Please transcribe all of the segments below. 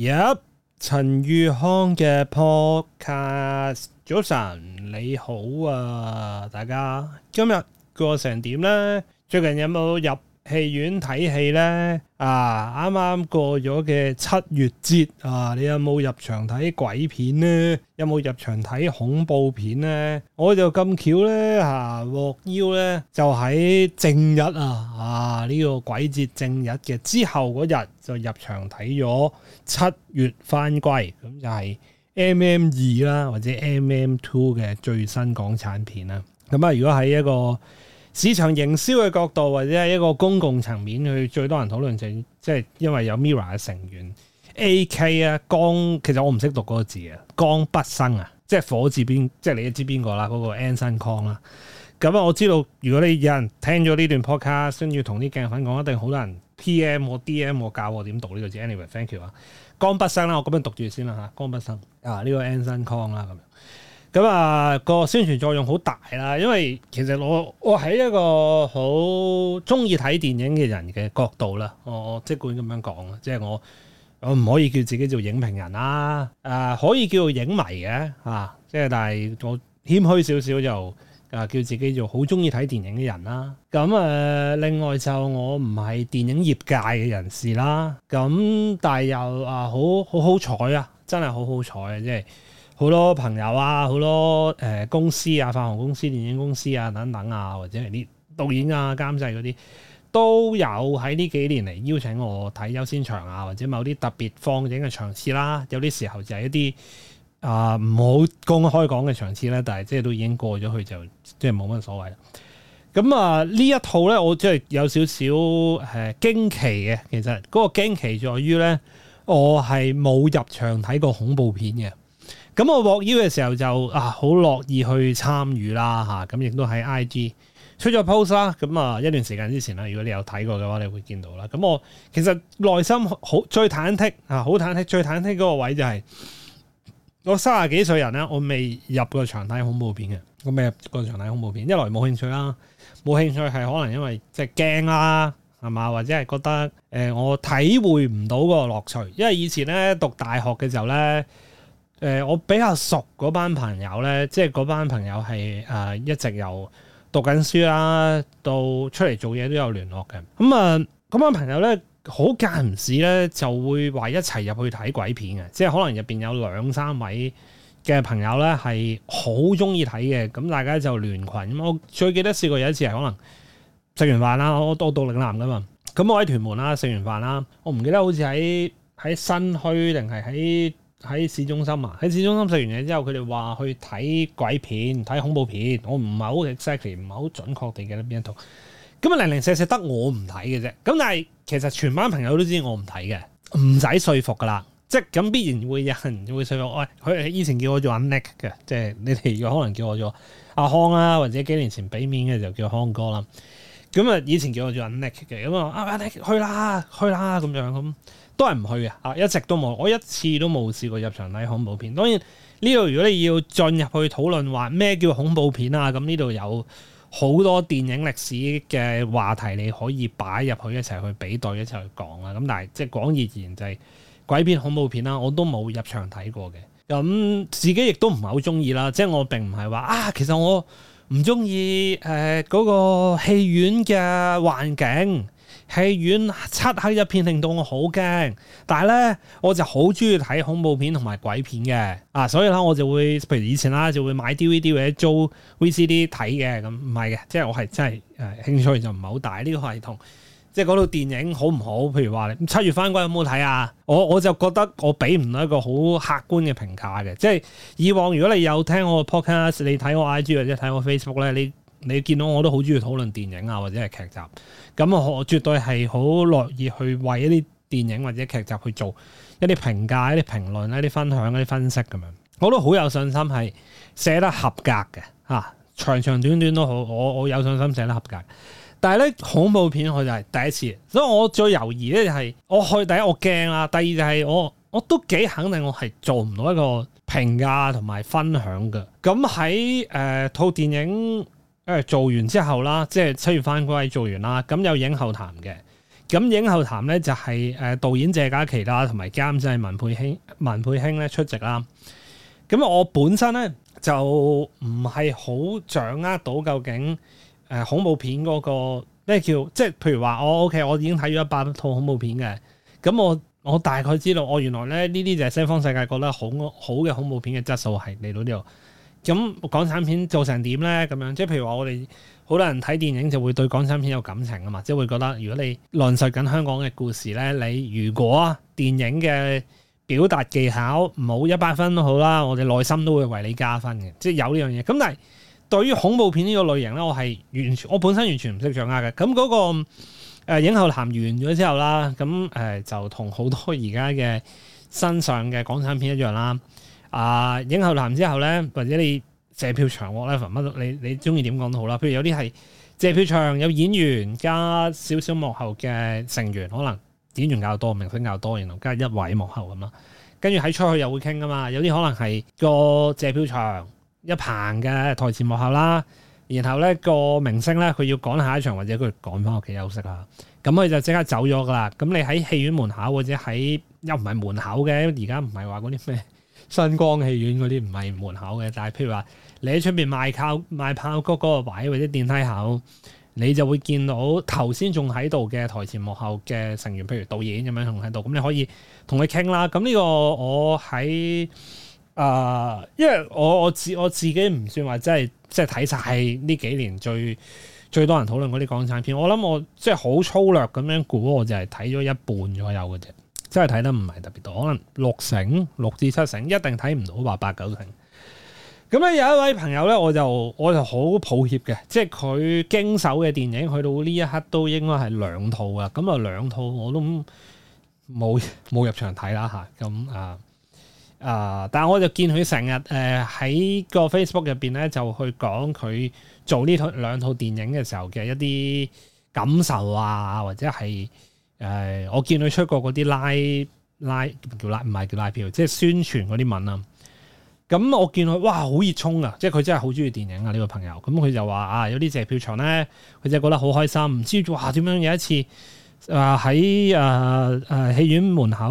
Yep，陳宇康嘅 podcast，早晨，你好啊，大家。今日過成點咧？最近有冇入戲院睇戲咧啊，啱啱過咗嘅七月節啊，你有冇入場睇鬼片咧？有冇入場睇恐怖片咧？我就咁巧咧，吓、啊，獲邀咧就喺正日啊啊呢、呢個鬼節正日嘅之後嗰日就入場睇咗七月返歸，咁就係 M M 二啦，或者 M M two 嘅最新港產片啦。咁啊，如果喺一個市場營銷嘅角度，或者係一個公共層面，去最多人討論就即係因為有 Mirror 嘅成員 AK 啊，江其實我唔識讀嗰個字啊，江北生啊，即係火字邊，即係你都知邊、嗰個啦，嗰個 Anson Kong 啦。咁啊，我知道如果你有人聽咗呢段 podcast，先要同啲鏡粉講，一定好多人 PM 我、DM 我教我點讀呢個字。Anyway，thank you 啊，江北生啦，我咁樣讀住先啦嚇，江北生啊，呢、啊啊呢個 Anson Kong 啦、啊、咁樣。咁啊，嗯、那個宣傳作用好大啦，因為其實我我喺一個好中意睇電影嘅人嘅角度啦，我即管咁樣講，即係我我唔可以叫自己做影評人啦，誒、啊、可以叫做影迷嘅嚇、啊，即係但係我謙虛少少就誒叫自己做好中意睇電影嘅人啦。咁、嗯、誒、嗯、另外就我唔係電影業界嘅人士啦，咁、嗯、但係又啊好好好彩啊，真係好好彩啊，即係～好多朋友啊，好多誒、呃、公司啊，發行公司、電影公司啊等等啊，或者係啲導演啊、監製嗰、啊、啲、啊、都有喺呢幾年嚟邀請我睇優先場啊，或者某啲特別放映嘅場次啦、啊。有啲時候就係一啲啊唔好公開講嘅場次咧、啊，但係即係都已經過咗去就即係冇乜所謂啦。咁啊呢一套咧，我即係有少少誒驚奇嘅。其實嗰個驚奇在於咧，我係冇入場睇過恐怖片嘅。咁我獲邀嘅時候就啊好樂意去參與啦嚇，咁、啊、亦都喺 IG 出咗 post 啦。咁啊一段時間之前啦，如果你有睇過嘅話，你會見到啦。咁、啊、我其實內心好最忐忑嚇，好忐忑最忐忑嗰個位就係、是、我三十幾歲人咧，我未入過場睇恐怖片嘅，我未入過場睇恐怖片，一來冇興趣啦，冇興趣係可能因為即係驚啦，係、就、嘛、是？或者係覺得誒、呃、我體會唔到個樂趣，因為以前咧讀大學嘅時候咧。誒、呃，我比較熟嗰班朋友咧，即係嗰班朋友係誒、呃、一直由讀緊書啦、啊，到出嚟做嘢都有聯絡嘅。咁、嗯、啊，咁、嗯、班朋友咧，好間唔時咧就會話一齊入去睇鬼片嘅，即係可能入邊有兩三位嘅朋友咧係好中意睇嘅，咁、嗯、大家就聯羣。我最記得試過有一次係可能食完飯啦，我我讀嶺南噶嘛，咁、嗯、我喺屯門啦、啊，食完飯啦，我唔記得好似喺喺新墟定係喺。喺市中心啊！喺市中心食完嘢之後，佢哋話去睇鬼片、睇恐怖片，我唔係好 exactly 唔係好準確地記得邊一套。咁啊零零舍舍得我唔睇嘅啫。咁但係其實全班朋友都知我唔睇嘅，唔使說服噶啦。即係咁必然會有人會說服我。佢以前叫我做阿 Nick 嘅，即係你哋可能叫我做阿康啊，或者幾年前俾面嘅就叫康哥啦。咁啊，以前叫我做阿 Nick 嘅，咁啊，阿 Nick 去啦，去啦，咁樣咁。都係唔去嘅。啊，一直都冇，我一次都冇試過入場睇恐怖片。當然呢度如果你要進入去討論話咩叫恐怖片啊，咁呢度有好多電影歷史嘅話題，你可以擺入去一齊去比對一齊去講啦。咁但係即係廣義而言就係鬼片、恐怖片啦、啊，我都冇入場睇過嘅。咁、嗯、自己亦都唔係好中意啦，即、就、係、是、我並唔係話啊，其實我唔中意誒嗰個戲院嘅環境。戲院漆黑一片，令到我好驚。但係咧，我就好中意睇恐怖片同埋鬼片嘅啊，所以啦，我就會譬如以前啦，就會買 DVD 或者租 VCD 睇嘅。咁唔係嘅，即係我係真係誒、啊、興趣就唔係好大。呢、呢個係同即係嗰套電影好唔好？譬如話七月返歸有冇睇啊？我我就覺得我俾唔到一個好客觀嘅評價嘅。即係以往如果你有聽我 podcast 你睇我 IG 或者睇我 Facebook 咧，你。你見到我都好中意討論電影啊，或者係劇集，咁我我絕對係好樂意去為一啲電影或者劇集去做一啲評價、一啲評論、一啲分享、一啲分析咁樣。我都好有信心係寫得合格嘅，嚇、啊、長長短短都好。我我有信心寫得合格。但係咧，恐怖片佢就係第一次，所以我最猶豫咧就係我去第一我驚啦，第二就係我我都幾肯定我係做唔到一個評價同埋分享嘅。咁喺誒套電影。做完之後啦，即係七月翻歸做完啦，咁有影後談嘅，咁影後談咧就係、是、誒導演謝嘉琪啦，同埋監製文佩卿文佩卿咧出席啦。咁我本身咧就唔係好掌握到究竟誒、呃、恐怖片嗰、那個咩叫，即係譬如話我、哦、OK，我已經睇咗一百套恐怖片嘅，咁我我大概知道我原來咧呢啲就係西方世界覺得好好嘅恐怖片嘅質素係嚟到呢度。咁港產片做成點呢？咁樣即係譬如話，我哋好多人睇電影就會對港產片有感情啊嘛，即係會覺得如果你論述緊香港嘅故事咧，你如果電影嘅表達技巧冇一百分都好啦，我哋內心都會為你加分嘅。即係有呢樣嘢。咁但係對於恐怖片呢個類型咧，我係完全我本身完全唔識掌握嘅。咁嗰個誒影後談完咗之後啦，咁誒就同好多而家嘅身上嘅港產片一樣啦。啊、呃！映後談之後咧，或者你謝票場咧，乜你你中意點講都好啦。譬如有啲係謝票場有演員加少少幕後嘅成員，可能演員較多，明星較多，然後加一位幕後咁咯。跟住喺出去又會傾噶嘛。有啲可能係個謝票場一棚嘅台前幕後啦。然後咧個明星咧，佢要趕下一場，或者佢趕翻屋企休息啦。咁佢就即刻走咗噶啦。咁你喺戲院門口或者喺又唔係門口嘅，而家唔係話嗰啲咩？新光戲院嗰啲唔係門口嘅，但係譬如話，你喺出面賣靠賣炮谷嗰個位或者電梯口，你就會見到頭先仲喺度嘅台前幕後嘅成員，譬如導演咁樣同喺度，咁你可以同佢傾啦。咁呢個我喺啊、呃，因為我我自我自己唔算話真係即係睇晒呢幾年最最多人討論嗰啲港產片，我諗我即係好粗略咁樣估，我就係睇咗一半左右嘅啫。真係睇得唔係特別多，可能六成、六至七成，一定睇唔到話八九成。咁咧，有一位朋友咧，我就我就好抱歉嘅，即係佢經手嘅電影，去到呢一刻都應該係兩套啊。咁啊兩套我都冇冇入場睇啦嚇。咁啊啊，但係我就見佢成日誒喺個 Facebook 入邊咧，就去講佢做呢套兩套電影嘅時候嘅一啲感受啊，或者係。誒、呃，我見佢出過嗰啲拉拉叫拉唔係叫拉票，即係宣傳嗰啲文啦。咁、啊、我見佢哇，好熱衷啊！即係佢真係好鍾意電影啊！呢、這個朋友，咁、啊、佢就話啊，有啲謝票場咧，佢真就覺得好開心。唔知哇，點樣有一次啊喺誒誒戲院門口，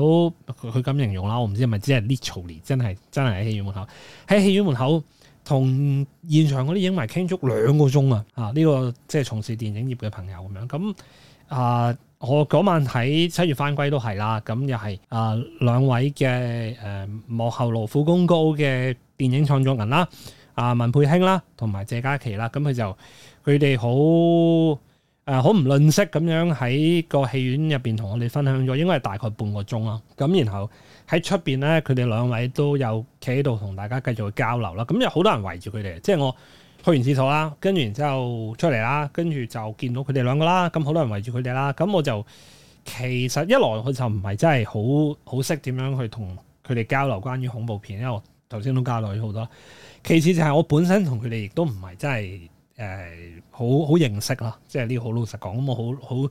佢佢咁形容啦，我唔知係咪真係呢 literally，真係真係喺戲院門口，喺戲院門口同現場嗰啲影迷傾足兩個鐘啊！啊，呢、這個即係從事電影業嘅朋友咁樣咁啊。我嗰晚喺七月返歸都係啦，咁又係啊、呃、兩位嘅誒、呃、幕後勞苦功高嘅電影創作人啦，啊、呃、文佩卿啦，同埋謝嘉琪啦，咁佢就佢哋好誒好唔吝嗇咁樣喺個戲院入邊同我哋分享咗，應該係大概半個鐘咯。咁然後喺出邊咧，佢哋兩位都有企喺度同大家繼續去交流啦。咁有好多人圍住佢哋，即係我。去完廁所啦，跟住然之後出嚟啦，跟住就見到佢哋兩個啦，咁好多人圍住佢哋啦，咁我就其實一來我就唔係真係好好識點樣去同佢哋交流關於恐怖片，因為我頭先都交流咗好多。其次就係我本身同佢哋亦都唔係真係誒、呃、好好認識啦，即係呢個好老實講，咁我好好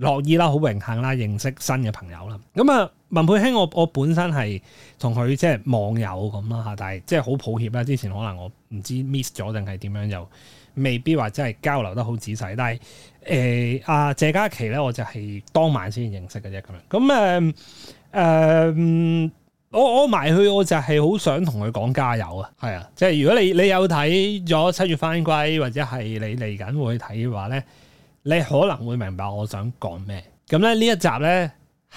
樂意啦，好榮幸啦，認識新嘅朋友啦，咁啊。文佩卿，我我本身係同佢即係網友咁啦吓，但係即係好抱歉啦，之前可能我唔知 miss 咗定係點樣，又未必話真係交流得好仔細。但係誒，阿、呃啊、謝嘉琪咧，我就係當晚先認識嘅啫。咁樣咁誒誒，我我埋去，我就係好想同佢講加油啊！係啊，即係如果你你有睇咗七月返歸，或者係你嚟緊會睇嘅話咧，你可能會明白我想講咩。咁咧呢一集咧。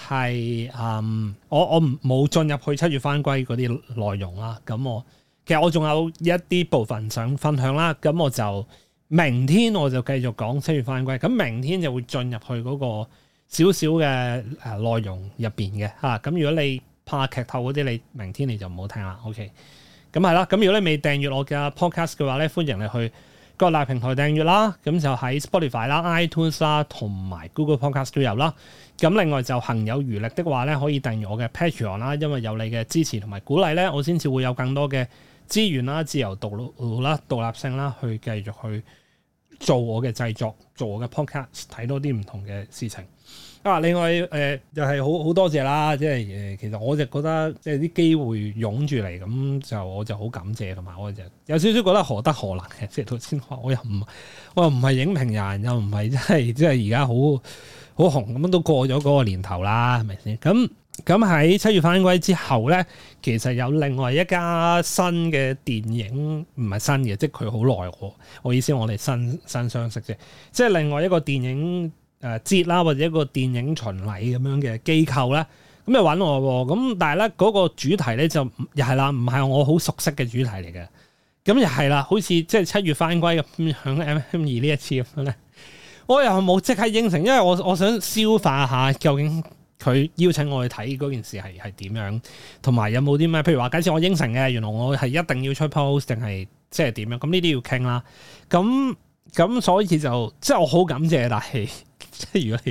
係，嗯，我我冇進入去七月返歸嗰啲內容啦。咁我其實我仲有一啲部分想分享啦。咁我就明天我就繼續講七月返歸。咁明天就會進入去嗰個少少嘅內容入邊嘅嚇。咁，啊，如果你怕劇透嗰啲，你明天你就唔好聽啦。OK？OK，咁係啦。咁如果你未訂閲我嘅 podcast 嘅話咧，歡迎你去。各大平台訂閱啦，咁就喺 Spotify 啦、iTunes 啦，同埋 Google Podcast 都有啦。咁另外就行有餘力的話咧，可以訂閱我嘅 Patreon 啦，因為有你嘅支持同埋鼓勵咧，我先至會有更多嘅資源啦、自由獨立啦、獨立性啦，去繼續去做我嘅製作，做我嘅 Podcast，睇多啲唔同嘅事情。啊！另外誒、呃，又係好好多謝啦，即係其實我就覺得即係啲機會湧住嚟咁，就我就好感謝同埋我就有少少覺得何德何能嘅，即係頭先我又唔我又唔係影評人，又唔係即係即係而家好好紅咁，都過咗嗰個年頭啦，係咪先？咁咁喺七月返歸之後咧，其實有另外一家新嘅電影，唔係新嘅，即係佢好耐喎。我意思我哋新新相識啫，即係另外一個電影。誒節啦，或者一個電影巡禮咁樣嘅機構咧，咁又揾我喎，咁但係咧，嗰個主題咧就又係啦，唔係我好熟悉嘅主題嚟嘅，咁又係啦，好似即係七月返歸咁響 M M 二呢一次咁樣咧，我又冇即刻應承，因為我我想消化下究竟佢邀請我去睇嗰件事係係點樣，同埋有冇啲咩譬如話假設我應承嘅，原來我係一定要出 post 定係即係點樣？咁呢啲要傾啦，咁咁所以就即係我好感謝啦。即係 如果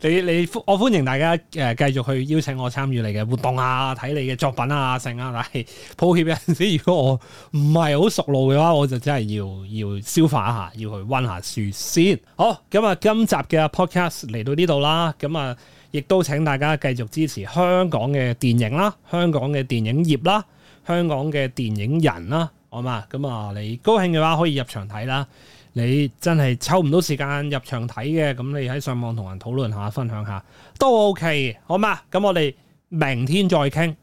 你你你我歡迎大家誒繼、呃、續去邀請我參與你嘅活動啊，睇你嘅作品啊，剩啊，但係抱歉啊，如果我唔係好熟路嘅話，我就真係要要消化一下，要去溫下書先。好，咁、嗯、啊，今集嘅 podcast 嚟到呢度啦，咁、嗯、啊，亦、嗯、都請大家繼續支持香港嘅電影啦，香港嘅電影業啦，香港嘅電影人啦，好嘛？咁、嗯、啊、嗯，你高興嘅話可以入場睇啦。你真係抽唔到時間入場睇嘅，咁你喺上網同人討論下、分享下都 OK，好嘛？咁我哋明天再傾。